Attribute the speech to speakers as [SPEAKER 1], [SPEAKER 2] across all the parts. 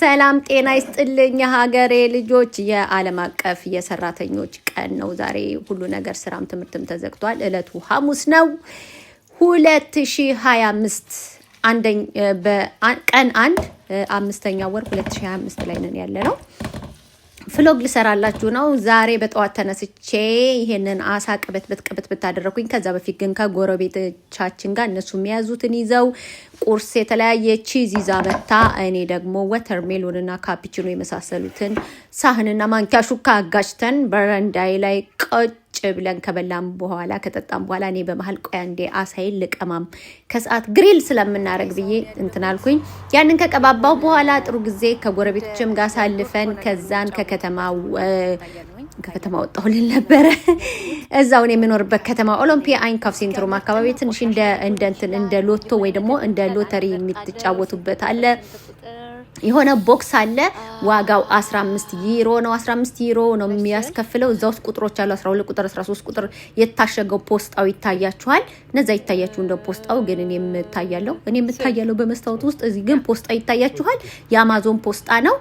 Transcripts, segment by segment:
[SPEAKER 1] ሰላም ጤና ይስጥልኝ የሀገሬ ልጆች። የዓለም አቀፍ የሰራተኞች ቀን ነው ዛሬ። ሁሉ ነገር ስራም ትምህርትም ተዘግቷል። እለቱ ሐሙስ ነው። 2025 አንደኝ በቀን አንድ አምስተኛ ወር 2025 ላይ ነን ያለ ነው። ፍሎግ ልሰራላችሁ ነው ዛሬ በጠዋት ተነስቼ ይሄንን አሳ ቅበት በትቅበት ብታደረኩኝ። ከዛ በፊት ግን ከጎረቤቶቻችን ጋር እነሱ የሚያዙትን ይዘው ቁርስ የተለያየ ቺዝ ይዛ መታ፣ እኔ ደግሞ ወተር ሜሎንና ካፒችኖ የመሳሰሉትን ሳህንና ማንኪያ ሹካ አጋጭተን በረንዳይ ላይ ቀጭ ብለን ከበላም በኋላ ከጠጣም በኋላ እኔ በመሀል ቆያ እንዴ አሳይን ልቀማም ከሰዓት ግሪል ስለምናደረግ ብዬ እንትናልኩኝ ያንን ከቀባባው በኋላ ጥሩ ጊዜ ከጎረቤቶችም ጋር ሳልፈን ከዛን ከከተማ ከከተማ ወጣሁ ነበረ። ነበረ። እዛውን የምኖርበት ከተማ ኦሎምፒያ አይንካፍ ሴንትሩም አካባቢ ትንሽ እንደ እንትን እንደ ሎቶ ወይ ደግሞ እንደ ሎተሪ የሚትጫወቱበት አለ የሆነ ቦክስ አለ ዋጋው 15 ዩሮ ነው። 15 ዩሮ ነው የሚያስከፍለው። እዛ ውስጥ ቁጥሮች አሉ 12 ቁጥር፣ 13 ቁጥር። የታሸገው ፖስጣው ይታያችኋል። እነዛ ይታያችሁ እንደ ፖስጣው ግን እኔ የምታያለው እኔ የምታያለው በመስታወት ውስጥ እዚህ ግን ፖስጣ ይታያችኋል። የአማዞን ፖስጣ ነው።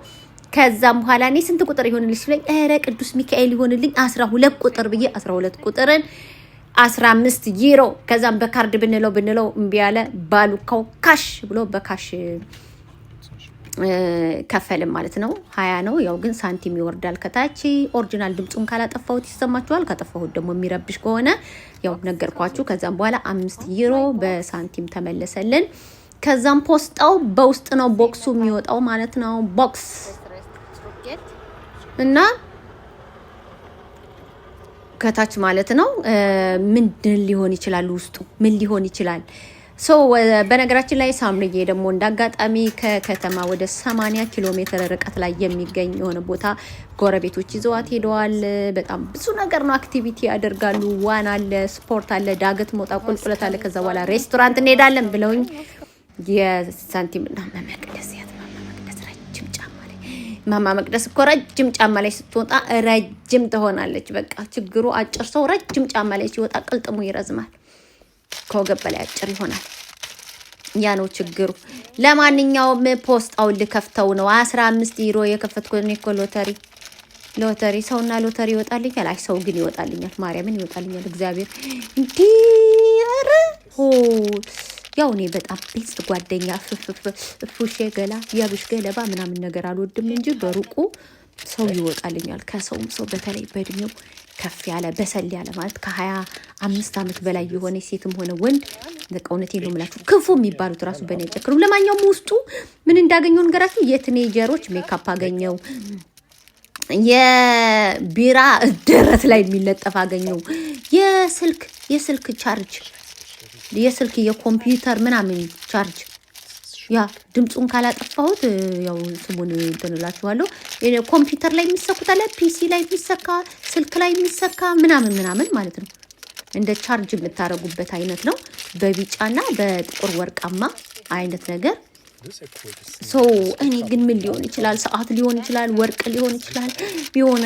[SPEAKER 1] ከዛም በኋላ እኔ ስንት ቁጥር ይሆንልኝ ሲለኝ ኧረ ቅዱስ ሚካኤል ይሆንልኝ 12 ቁጥር ብዬ 12 ቁጥርን 15 ዩሮ ከዛም በካርድ ብንለው ብንለው እምቢ አለ ባሉካው ካሽ ብሎ በካሽ ከፈልም ማለት ነው። ሀያ ነው ያው ግን ሳንቲም ይወርዳል ከታች። ኦሪጂናል ድምፁን ካላጠፋሁት ይሰማችኋል። ከጠፋሁት ደግሞ የሚረብሽ ከሆነ ያው ነገርኳችሁ። ከዛም በኋላ አምስት ዩሮ በሳንቲም ተመለሰልን። ከዛም ፖስጣው በውስጥ ነው ቦክሱ የሚወጣው ማለት ነው። ቦክስ እና ከታች ማለት ነው። ምንድን ሊሆን ይችላል? ውስጡ ምን ሊሆን ይችላል? ሶ በነገራችን ላይ ሳምርዬ ደግሞ እንዳጋጣሚ ከከተማ ወደ 80 ኪሎ ሜትር ርቀት ላይ የሚገኝ የሆነ ቦታ ጎረቤቶች ይዘዋት ሄደዋል። በጣም ብዙ ነገር ነው፣ አክቲቪቲ ያደርጋሉ። ዋና አለ፣ ስፖርት አለ፣ ዳገት መውጣ፣ ቁልቁለት አለ። ከዛ በኋላ ሬስቶራንት እንሄዳለን ብለውኝ የሳንቲም ማማ መቅደስ ያት ማማ መቅደስ ረጅም ጫማ ላይ ማማ መቅደስ እኮ ረጅም ጫማ ላይ ስትወጣ ረጅም ትሆናለች። በቃ ችግሩ አጭር ሰው ረጅም ጫማ ላይ ሲወጣ ቅልጥሙ ይረዝማል። ከወገብ በላይ አጭር ይሆናል። ያ ነው ችግሩ። ለማንኛውም ፖስጣውን ልከፍተው ነው። አስራ አምስት ዩሮ የከፈትኩ እኔ እኮ ሎተሪ ሎተሪ ሰውና ሎተሪ ይወጣልኛል። አይ ሰው ግን ይወጣልኛል፣ ማርያምን ይወጣልኛል። እግዚአብሔር እንዲረ ያው እኔ በጣም ቤስት ጓደኛ ፉሼ ገላ ያብሽ ገለባ ምናምን ነገር አልወድም እንጂ በሩቁ ሰው ይወጣልኛል። ከሰውም ሰው በተለይ በእድሜው ከፍ ያለ በሰል ያለ ማለት ከሀያ አምስት ዓመት በላይ የሆነ ሴትም ሆነ ወንድ እውነቴን ነው የምላችሁ ክፉ የሚባሉት ራሱ በእኔ አይጨክሩም። ለማንኛውም ውስጡ ምን እንዳገኘው ንገራችሁ። የትኔጀሮች ሜካፕ አገኘው፣ የቢራ ደረት ላይ የሚለጠፍ አገኘው፣ የስልክ የስልክ ቻርጅ የስልክ የኮምፒውተር ምናምን ቻርጅ ያ ድምፁን ካላጠፋሁት ያው ስሙን እንትንላችኋለሁ። ኮምፒውተር ላይ የሚሰኩት አለ፣ ፒሲ ላይ የሚሰካ፣ ስልክ ላይ የሚሰካ ምናምን ምናምን ማለት ነው። እንደ ቻርጅ የምታደርጉበት አይነት ነው። በቢጫና በጥቁር ወርቃማ አይነት ነገር ሶ እኔ ግን ምን ሊሆን ይችላል? ሰዓት ሊሆን ይችላል፣ ወርቅ ሊሆን ይችላል፣ የሆነ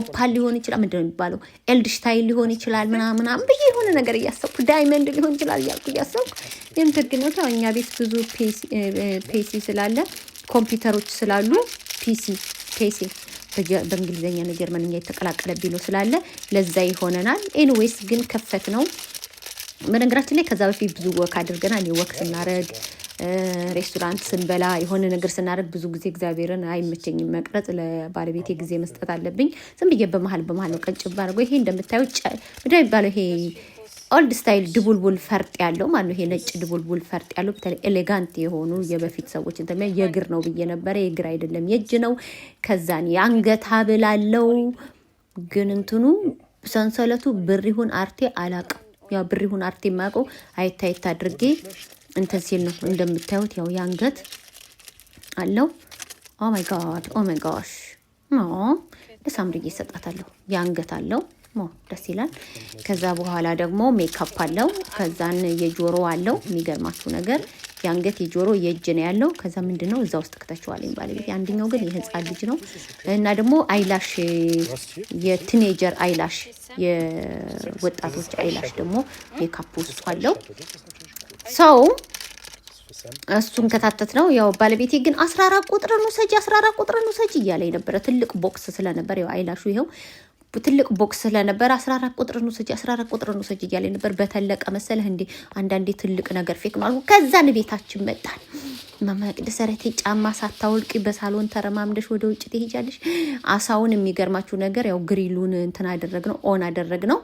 [SPEAKER 1] ኦፓል ሊሆን ይችላል። ምንድን ነው የሚባለው? ኤልድሽታይል ሊሆን ይችላል ምናምናም ብዬ የሆነ ነገር እያሰብኩ ዳይመንድ ሊሆን ይችላል እያልኩ እያሰብኩ ይህም እኛ ቤት ብዙ ፔሲ ስላለ ኮምፒውተሮች ስላሉ ፒሲ ፔሲ በእንግሊዝኛ ነው ጀርመንኛ የተቀላቀለ ቢሎ ስላለ ለዛ ይሆነናል። ኤንዌይስ ግን ከፈት ነው በነገራችን ላይ ከዛ በፊት ብዙ ወክ አድርገናል። ወክ ስናደረግ ሬስቶራንት ስንበላ የሆነ ነገር ስናደርግ ብዙ ጊዜ እግዚአብሔርን አይመቸኝም መቅረጽ፣ ለባለቤቴ ጊዜ መስጠት አለብኝ። ዝም ብዬ በመሀል በመሀል ነው ቀንጭብ አድርገው። ይሄ እንደምታዩ ምንድን የሚባለው? ይሄ ኦልድ ስታይል ድቡልቡል ፈርጥ ያለው ማለት ነው። ይሄ ነጭ ድቡልቡል ፈርጥ ያለው በተለይ ኤሌጋንት የሆኑ የበፊት ሰዎች እንትን የእግር ነው ብዬ ነበረ። የእግር አይደለም የእጅ ነው። ከዛን የአንገት ሀብል አለው። ግን እንትኑ ሰንሰለቱ ብር ይሁን አርቴ አላቅም ያው ብር ይሁን አርት የማውቀው አይታይታ አድርጌ እንትን ሲል ነው እንደምታዩት። ያው የአንገት አለው። ኦ ማይ ጋድ ኦ ማይ ጋሽ ለሳምርዬ ይሰጣታለሁ። የአንገት አለው ደስ ይላል። ከዛ በኋላ ደግሞ ሜካፕ አለው። ከዛን የጆሮ አለው። የሚገርማችሁ ነገር የአንገት የጆሮ የእጅ ነው ያለው። ከዛ ምንድን ነው እዛ ውስጥ ክተችዋለኝ ባለቤት። አንደኛው ግን የህፃን ልጅ ነው እና ደግሞ አይላሽ የቲኔጀር አይላሽ የወጣቶች አይላሽ ደግሞ ሜካፕ ውስጡ አለው። ሰው እሱን ከታተት ነው ያው ባለቤቴ ግን አስራ አራት ቁጥርን ውሰጂ አስራ አራት ቁጥርን ውሰጂ እያለ የነበረ ትልቅ ቦክስ ስለነበር ያው አይላሹ ይኸው ትልቅ ቦክስ ስለነበር አስራ ቁጥር ነው ውሰጂ አስራ ቁጥር ነው ውሰጂ እያለ ነበር። በተለቀ መሰለህ እንዴ አንዳንዴ ትልቅ ነገር ፌክ ማለት። ከዛን ቤታችን መጣን። መቅደስ ሰረቴ ጫማ ሳታወልቂ በሳሎን ተረማምደሽ ወደ ውጭ ትሄጃለሽ። አሳውን የሚገርማችሁ ነገር ያው ግሪሉን እንትን አደረግነው ኦን አደረግነው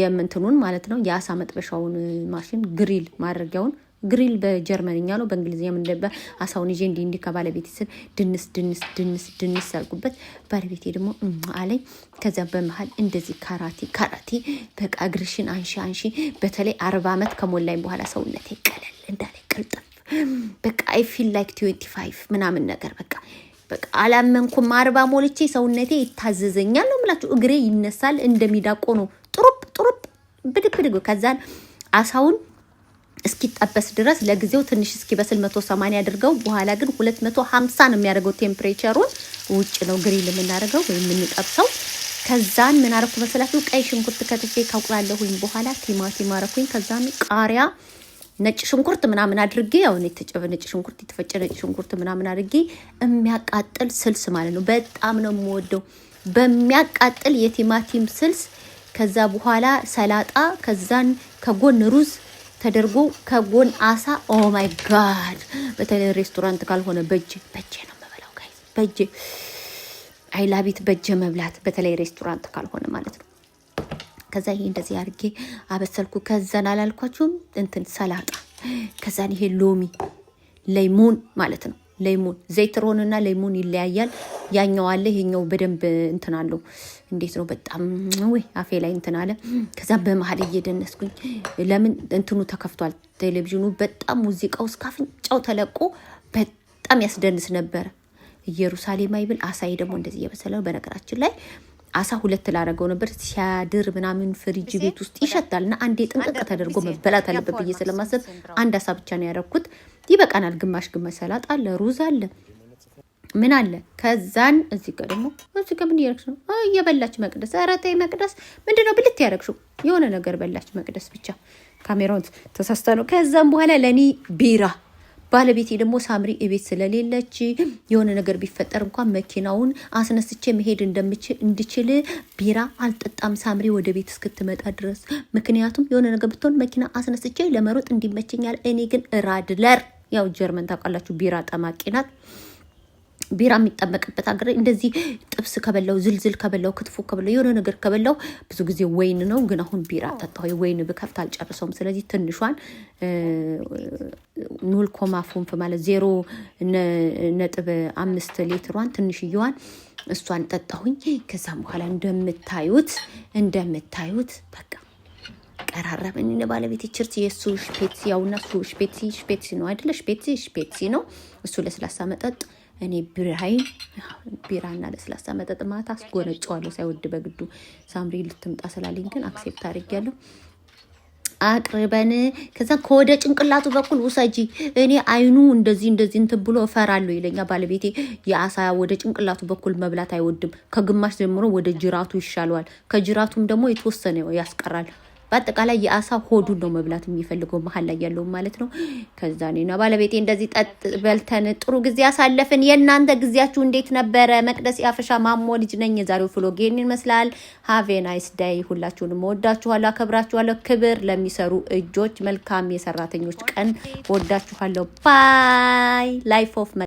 [SPEAKER 1] የምንትኑን ማለት ነው የአሳ መጥበሻውን ማሽን ግሪል ማድረጊያውን ግሪል በጀርመንኛ ነው፣ በእንግሊዝኛ ምን ነበር? አሳውን ይዤ እንዲ እንዲ ከባለቤቴ ስል ድንስ ድንስ ድንስ ድንስ አልኩበት። ባለቤቴ ደግሞ አለኝ። ከዚያ በመሀል እንደዚህ ካራቴ ካራቴ በቃ እግርሽን አንሺ አንሺ። በተለይ አርባ ዓመት ከሞላኝ በኋላ ሰውነቴ ቀለል እንዳለ ቅልጥፍ በቃ አይ ፊል ላይክ ትዌንቲ ፋይቭ ምናምን ነገር በቃ በቃ አላመንኩም። አርባ ሞልቼ ሰውነቴ ይታዘዘኛል ነው የምላችሁ። እግሬ ይነሳል እንደሚዳቆ ነው ጥሩብ ጥሩብ ብድግ ብድግ ከዛን አሳውን እስኪጠበስ ድረስ ለጊዜው ትንሽ እስኪበስል 180 አድርገው፣ በኋላ ግን 250 ነው የሚያደርገው ቴምፕሬቸሩን። ውጭ ነው ግሪል የምናደርገው ወይም የምንጠብሰው። ከዛን ምን አረኩ መሰላችሁ? ቀይ ሽንኩርት ከትፌ ካቁላለሁኝ በኋላ ቲማቲም አረኩኝ። ከዛን ቃሪያ ነጭ ሽንኩርት ምናምን አድርጌ ያው የተጨበ ነጭ ሽንኩርት የተፈጨ ነጭ ሽንኩርት ምናምን አድርጌ የሚያቃጥል ስልስ ማለት ነው። በጣም ነው የምወደው በሚያቃጥል የቲማቲም ስልስ። ከዛ በኋላ ሰላጣ፣ ከዛን ከጎን ሩዝ ተደርጎ ከጎን አሳ። ኦ ማይ ጋድ! በተለይ ሬስቶራንት ካልሆነ በእጄ በእጄ ነው የምበላው ጋይ በእጄ አይላቢት በእጄ መብላት፣ በተለይ ሬስቶራንት ካልሆነ ማለት ነው። ከዛ ይሄ እንደዚህ አድርጌ አበሰልኩ። ከዛን አላልኳችሁም እንትን ሰላጣ፣ ከዛን ይሄ ሎሚ ሌሞን ማለት ነው ሌሞን ዘይትሮንና ሌሞን ይለያያል። ያኛው አለ ይሄኛው በደንብ እንትን አለው። እንዴት ነው በጣም ወይ አፌ ላይ እንትን አለ። ከዛ በመሀል እየደነስኩኝ ለምን እንትኑ ተከፍቷል ቴሌቪዥኑ በጣም ሙዚቃው እስከ አፍንጫው ተለቆ በጣም ያስደንስ ነበር ኢየሩሳሌም አይብል አሳይ ደግሞ እንደዚህ እየበሰለ ነው። በነገራችን ላይ አሳ ሁለት ላደረገው ነበር ሲያድር ምናምን ፍሪጅ ቤት ውስጥ ይሸታል። እና አንዴ ጥንቅቅ ተደርጎ መበላት አለበት ብዬ ስለማሰብ አንድ አሳ ብቻ ነው ያደረኩት። ይበቃናል። ግማሽ ግማሽ ሰላጣ አለ፣ ሩዝ አለ፣ ምን አለ። ከዛን እዚህ ጋር ደግሞ እዚህ ጋር ምን እያደረግሽ ነው? እየበላች መቅደስ። ኧረ ተይ መቅደስ፣ ምንድን ነው ብልት ያደረግሽው? የሆነ ነገር በላች መቅደስ። ብቻ ካሜራውን ተሳስታ ነው። ከዛም በኋላ ለእኔ ቢራ ባለቤቴ ደግሞ ሳምሪ እቤት ስለሌለች የሆነ ነገር ቢፈጠር እንኳን መኪናውን አስነስቼ መሄድ እንድችል ቢራ አልጠጣም ሳምሪ ወደ ቤት እስክትመጣ ድረስ። ምክንያቱም የሆነ ነገር ብትሆን መኪና አስነስቼ ለመሮጥ እንዲመቸኛል። እኔ ግን ራድለር ያው ጀርመን ታውቃላችሁ፣ ቢራ ጠማቂ ናት። ቢራ የሚጠመቅበት ሀገር እንደዚህ ጥብስ ከበላው ዝልዝል ከበላው ክትፎ ከበላው የሆነ ነገር ከበላው ብዙ ጊዜ ወይን ነው። ግን አሁን ቢራ ጠጣሁ። ወይን ብከፍት አልጨርሰውም። ስለዚህ ትንሿን ኑል ኮማ ፉንፍ ማለት ዜሮ ነጥብ አምስት ሌትሯን ትንሽየዋን እሷን ጠጣሁኝ። ከዛም በኋላ እንደምታዩት እንደምታዩት በቃ ቀራረብን። እኔ ባለቤት ችርት የእሱ ሽፔትሲ ያውና እሱ ሽፔትሲ ሽፔትሲ ነው አይደለ? ሽፔትሲ ሽፔትሲ ነው እሱ ለስላሳ መጠጥ፣ እኔ ብርሃይ ቢራና ለስላሳ መጠጥ ማታ አስጎነጨዋለሁ ሳይወድ በግዱ። ሳምሪ ልትምጣ ስላለኝ ግን አክሴፕት አድርጌያለሁ። አቅርበን ከዛ ከወደ ጭንቅላቱ በኩል ውሰጂ። እኔ አይኑ እንደዚህ እንደዚህ እንትን ብሎ እፈራለሁ ይለኛ ባለቤቴ። የአሳ ወደ ጭንቅላቱ በኩል መብላት አይወድም። ከግማሽ ጀምሮ ወደ ጅራቱ ይሻለዋል። ከጅራቱም ደግሞ የተወሰነ ያስቀራል። በአጠቃላይ የአሳ ሆዱን ነው መብላት የሚፈልገው መሀል ላይ ያለውን ማለት ነው። ከዛ እኔና ባለቤቴ እንደዚህ ጠጥ በልተን ጥሩ ጊዜ አሳለፍን። የእናንተ ጊዜያችሁ እንዴት ነበረ? መቅደስ ያፈሻ ማሞ ልጅ ነኝ። የዛሬው ፍሎግ ይህን ይመስላል። ሀቬ ናይስ ዳይ። ሁላችሁንም እወዳችኋለሁ፣ አከብራችኋለሁ። ክብር ለሚሰሩ እጆች፣ መልካም የሰራተኞች ቀን። ወዳችኋለሁ ባይ ላይፍ ኦፍ